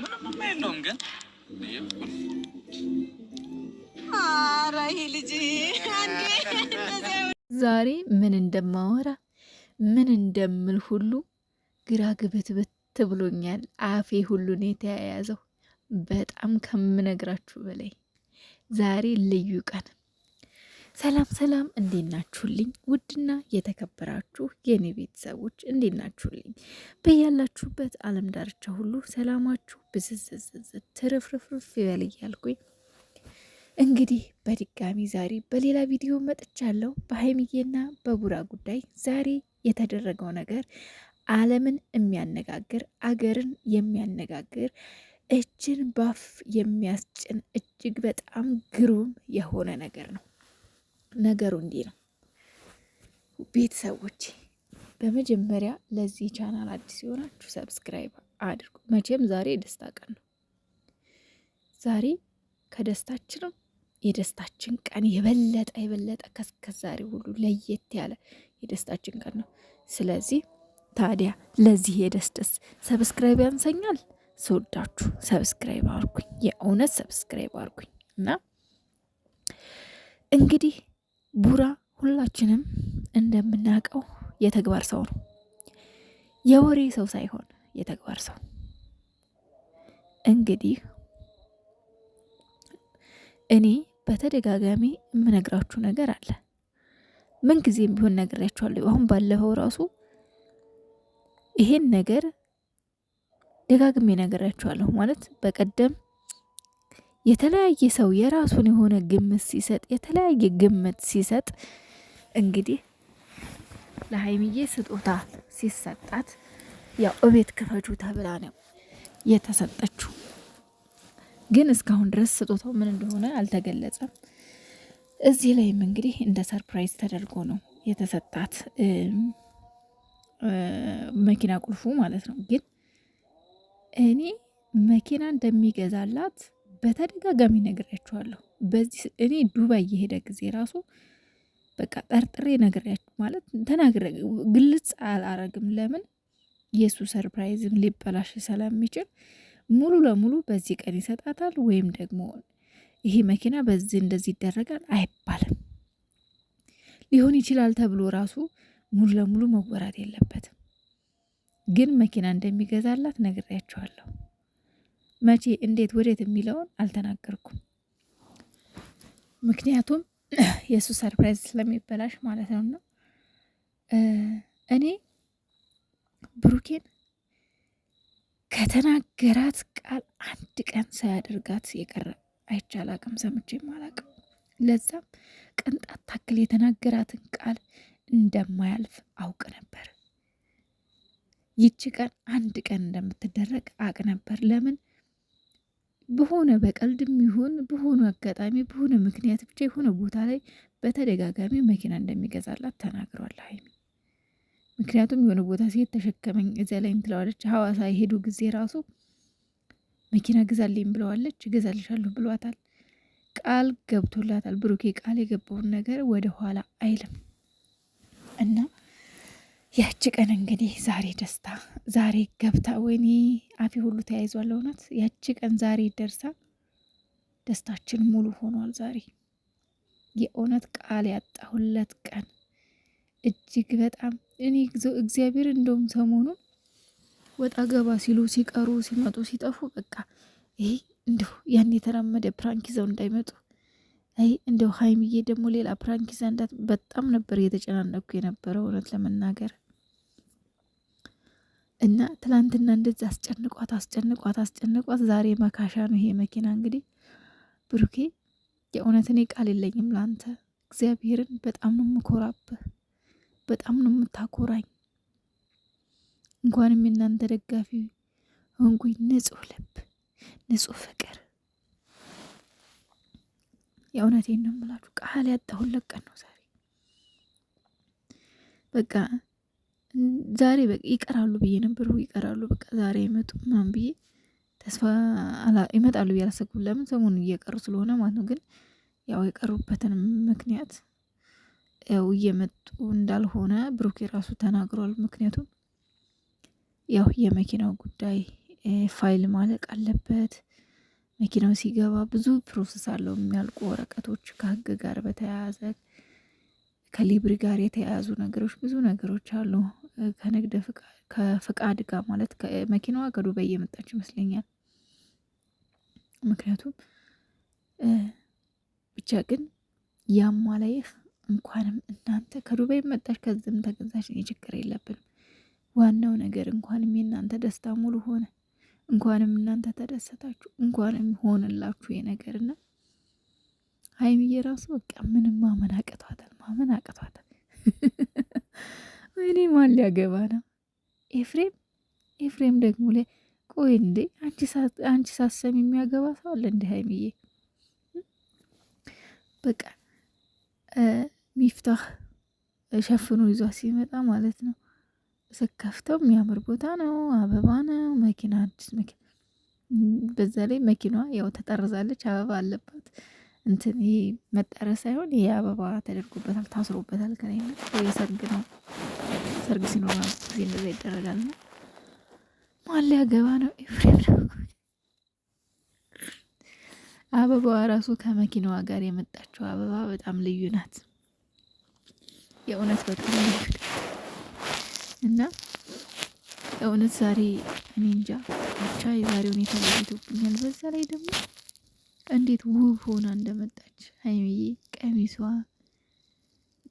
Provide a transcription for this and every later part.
ምንም የለውም ግን ኧረ ይሄ ልጅ ዛሬ ምን እንደማወራ ምን እንደምል ሁሉ ግራ ግብትብት ብሎኛል። አፌ ሁሉን የተያያዘው በጣም ከምነግራችሁ በላይ ዛሬ ልዩ ቀን ሰላም ሰላም፣ እንዴት ናችሁልኝ? ውድና የተከበራችሁ የኔ ቤተሰቦች እንዴት ናችሁልኝ? በያላችሁበት ዓለም ዳርቻ ሁሉ ሰላማችሁ ብዝዝዝዝ ትርፍርፍርፍ ይበል እያልኩኝ እንግዲህ በድጋሚ ዛሬ በሌላ ቪዲዮ መጥቻለሁ። በሀይሚዬና በቡራ ጉዳይ ዛሬ የተደረገው ነገር ዓለምን የሚያነጋግር አገርን የሚያነጋግር እጅን ባፍ የሚያስጭን እጅግ በጣም ግሩም የሆነ ነገር ነው። ነገሩ እንዲህ ነው ቤተሰቦች። በመጀመሪያ ለዚህ ቻናል አዲስ የሆናችሁ ሰብስክራይብ አድርጉ። መቼም ዛሬ የደስታ ቀን ነው። ዛሬ ከደስታችንም የደስታችን ቀን የበለጠ የበለጠ ከዛሬ ሁሉ ለየት ያለ የደስታችን ቀን ነው። ስለዚህ ታዲያ ለዚህ የደስደስ ሰብስክራይብ ያንሰኛል። ስወዳችሁ ሰብስክራይብ አርጉኝ፣ የእውነት ሰብስክራይብ አርጉኝ እና እንግዲህ ቡራ ሁላችንም እንደምናውቀው የተግባር ሰው ነው። የወሬ ሰው ሳይሆን የተግባር ሰው። እንግዲህ እኔ በተደጋጋሚ የምነግራችሁ ነገር አለ። ምን ጊዜም ቢሆን ነግሬያችኋለሁ። አሁን ባለፈው ራሱ ይሄን ነገር ደጋግሜ ነግሬያችኋለሁ። ማለት በቀደም የተለያየ ሰው የራሱን የሆነ ግምት ሲሰጥ የተለያየ ግምት ሲሰጥ እንግዲህ ለሀይሚዬ ስጦታ ሲሰጣት ያው እቤት ክፈቹ ተብላ ነው የተሰጠችው። ግን እስካሁን ድረስ ስጦታው ምን እንደሆነ አልተገለጸም። እዚህ ላይም እንግዲህ እንደ ሰርፕራይዝ ተደርጎ ነው የተሰጣት መኪና ቁልፉ ማለት ነው። ግን እኔ መኪና እንደሚገዛላት በተደጋጋሚ ነግሬያችኋለሁ። በዚህ እኔ ዱባይ የሄደ ጊዜ ራሱ በቃ ጠርጥሬ ነግሬያችሁ ማለት ተናግረ ግልጽ አላረግም። ለምን የእሱ ሰርፕራይዝም ሊበላሽ ስለሚችል ሙሉ ለሙሉ በዚህ ቀን ይሰጣታል ወይም ደግሞ ይሄ መኪና በዚህ እንደዚህ ይደረጋል አይባልም። ሊሆን ይችላል ተብሎ ራሱ ሙሉ ለሙሉ መወራት የለበትም። ግን መኪና እንደሚገዛላት ነግሬያቸዋለሁ። መቼ፣ እንዴት፣ ወዴት የሚለውን አልተናገርኩም። ምክንያቱም የእሱ ሰርፕራይዝ ስለሚበላሽ ማለት ነው። እና እኔ ብሩኬን ከተናገራት ቃል አንድ ቀን ሳያደርጋት የቀረ አይቻል አቅም ሰምቼም አላቅም። ለዛም ቅንጣት ታክል የተናገራትን ቃል እንደማያልፍ አውቅ ነበር። ይቺ ቀን አንድ ቀን እንደምትደረግ አቅ ነበር። ለምን በሆነ በቀልድም ይሁን በሆነ አጋጣሚ በሆነ ምክንያት ብቻ የሆነ ቦታ ላይ በተደጋጋሚ መኪና እንደሚገዛላት ተናግሯል ሀይሚ። ምክንያቱም የሆነ ቦታ ሲሄድ ተሸከመኝ እዚያ ላይ ትለዋለች። ሀዋሳ የሄዱ ጊዜ ራሱ መኪና ግዛልኝ ብለዋለች። እገዛልሻለሁ ብሏታል። ቃል ገብቶላታል። ብሩኬ ቃል የገባውን ነገር ወደኋላ አይልም እና ያቺ ቀን እንግዲህ ዛሬ ደስታ ዛሬ ገብታ ወይኔ አፌ ሁሉ ተያይዟል። እውነት ያቺ ቀን ዛሬ ደርሳ ደስታችን ሙሉ ሆኗል። ዛሬ የእውነት ቃል ያጣሁለት ቀን እጅግ በጣም እኔ እግዚአብሔር እንደውም ሰሞኑን ወጣ ገባ ሲሉ ሲቀሩ ሲመጡ ሲጠፉ በቃ ይሄ እንዲሁ ያን የተራመደ ፕራንክ ይዘው እንዳይመጡ አይ እንደው ሀይሚዬ ደግሞ ሌላ ፕራንክ ይዛ እንዳት በጣም ነበር እየተጨናነኩ የነበረው እውነት ለመናገር እና ትላንትና እንደዚ አስጨንቋት አስጨንቋት አስጨንቋት ዛሬ መካሻ ነው ይሄ መኪና እንግዲህ ብሩኬ የእውነት እኔ ቃል የለኝም ለአንተ እግዚአብሔርን በጣም ነው የምኮራብህ በጣም ነው የምታኮራኝ እንኳንም የእናንተ ደጋፊ እንጉኝ ንጹህ ልብ ንጹህ ፍቅር የእውነቴን ነው የምላችሁ ቃል ያጣሁን ለቀን ነው ዛሬ በቃ ዛሬ በቃ ይቀራሉ ብዬ ነበር። ይቀራሉ በቃ ዛሬ ይመጡ ምናምን ብዬ ተስፋ ይመጣሉ ብዬ አላሰብኩም። ለምን ሰሞኑን እየቀሩ ስለሆነ ማለት ነው። ግን ያው የቀሩበትን ምክንያት ያው እየመጡ እንዳልሆነ ብሩክ የራሱ ተናግሯል። ምክንያቱም ያው የመኪናው ጉዳይ ፋይል ማለቅ አለበት መኪናው ሲገባ ብዙ ፕሮሰስ አለው። የሚያልቁ ወረቀቶች ከህግ ጋር በተያያዘ ከሊብሪ ጋር የተያያዙ ነገሮች ብዙ ነገሮች አሉ። ከንግድ ከፍቃድ ጋር ማለት መኪናዋ ከዱባይ የመጣች ይመስለኛል። ምክንያቱም ብቻ ግን ያሟላይህ እንኳንም እናንተ ከዱባይ መጣች ከዚህም ተገዛች ችግር የለብንም። ዋናው ነገር እንኳንም የእናንተ ደስታ ሙሉ ሆነ። እንኳንም እናንተ ተደሰታችሁ፣ እንኳንም ሆንላችሁ የነገርና ሀይሚዬ ራሱ በቃ ምንም ማመን አቅቷታል፣ ማመን አቅቷታል። እኔ ማን ሊያገባ ነው? ኤፍሬም ኤፍሬም ደግሞ ላይ ቆይ እንዴ አንቺ ሳሰም የሚያገባ ሰው አለ እንዴ? ሀይሚዬ በቃ ሚፍታህ ሸፍኖ ይዟ ሲመጣ ማለት ነው ስከፍተው የሚያምር ቦታ ነው። አበባ ነው። መኪና አዲስ መኪና በዛ ላይ መኪናዋ ያው ተጠርዛለች። አበባ አለባት። እንትን ይሄ መጠረዝ ሳይሆን ይህ አበባ ተደርጎበታል፣ ታስሮበታል። ከላይና የሰርግ ነው። ሰርግ ሲኖር ጊዜ እንደዛ ይደረጋል። ነው ማሊያ ገባ ነው ኤፍሬም። አበባዋ ራሱ ከመኪናዋ ጋር የመጣችው አበባ በጣም ልዩ ናት። የእውነት በጣም ልዩ ናት። እና እውነት ዛሬ እኔ እንጃ ብቻ የዛሬ ሁኔታ በዛ ላይ ደግሞ እንዴት ውብ ሆና እንደመጣች ሀይሚዬ ቀሚሷ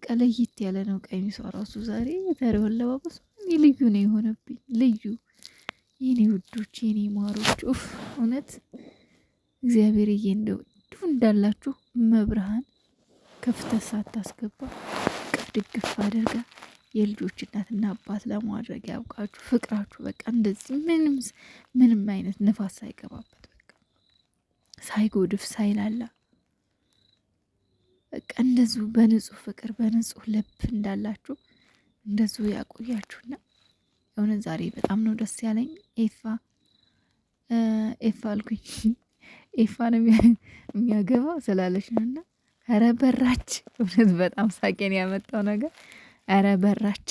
ቀለይት ያለ ነው። ቀሚሷ ራሱ ዛሬ የዛሬውን አለባበስ ልዩ ነው የሆነብኝ። ልዩ የኔ ውዶች፣ የኔ ማሮች ፍ እውነት እግዚአብሔር እየ እንደው እንዳላችሁ መብርሃን ከፍተህ ሳታስገባ ድግፍ አድርጋ የልጆች እናትና አባት ለማድረግ ያብቃችሁ። ፍቅራችሁ በቃ እንደዚህ ምንም ምንም አይነት ንፋስ ሳይገባበት በቃ ሳይጎድፍ ሳይላላ በቃ እንደዚሁ በንጹህ ፍቅር በንጹህ ልብ እንዳላችሁ እንደዚሁ ያቆያችሁና የሆነ ዛሬ በጣም ነው ደስ ያለኝ። ኤፋ ኤፋ አልኩኝ ኤፋን የሚያገባ ስላለች ነውና ኧረ በራች እውነት በጣም ሳቄን ያመጣው ነገር አረ በራች፣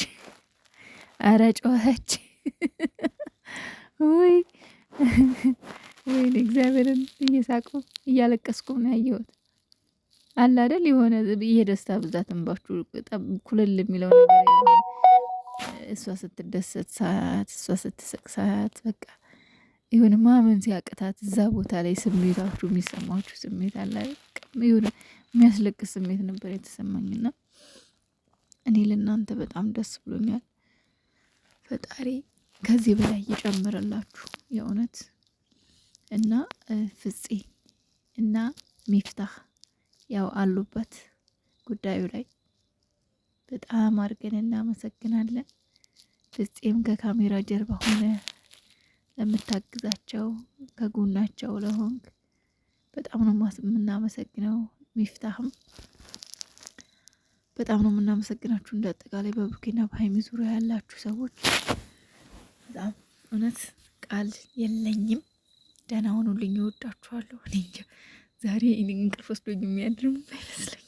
አረ ጮኸች። ወይ ወይኔ እግዚአብሔርን እየሳቅሁ እያለቀስኩም ነው ያየሁት። አለ አይደል የሆነ የደስታ ብዛት እንባችሁ ኩልል የሚለው ነገር እሷ ስትደሰት ሰዓት እሷ ስትስቅ ሰዓት በቃ የሆነ ማመን ሲያቅታት እዛ ቦታ ላይ ስሜታችሁ የሚሰማችሁ ስሜት አለ የሆነ የሚያስለቅስ ስሜት ነበር የተሰማኝና እኔ ለእናንተ በጣም ደስ ብሎኛል። ፈጣሪ ከዚህ በላይ ይጨምርላችሁ የእውነት እና ፍፄ እና ሚፍታህ ያው አሉበት ጉዳዩ ላይ በጣም አድርገን እናመሰግናለን። ፍፄም ከካሜራ ጀርባ ሆነ ለምታግዛቸው ከጎናቸው ለሆንክ በጣም ነው የምናመሰግነው። ሚፍታህም በጣም ነው የምናመሰግናችሁ። እንደ አጠቃላይ በብሩኬና በሀይሚ ዙሪያ ያላችሁ ሰዎች በጣም እውነት ቃል የለኝም። ደህና ሆኑልኝ፣ እወዳችኋለሁ። ዛሬ እንቅልፍ ወስዶኝ የሚያድርም አይመስለኝ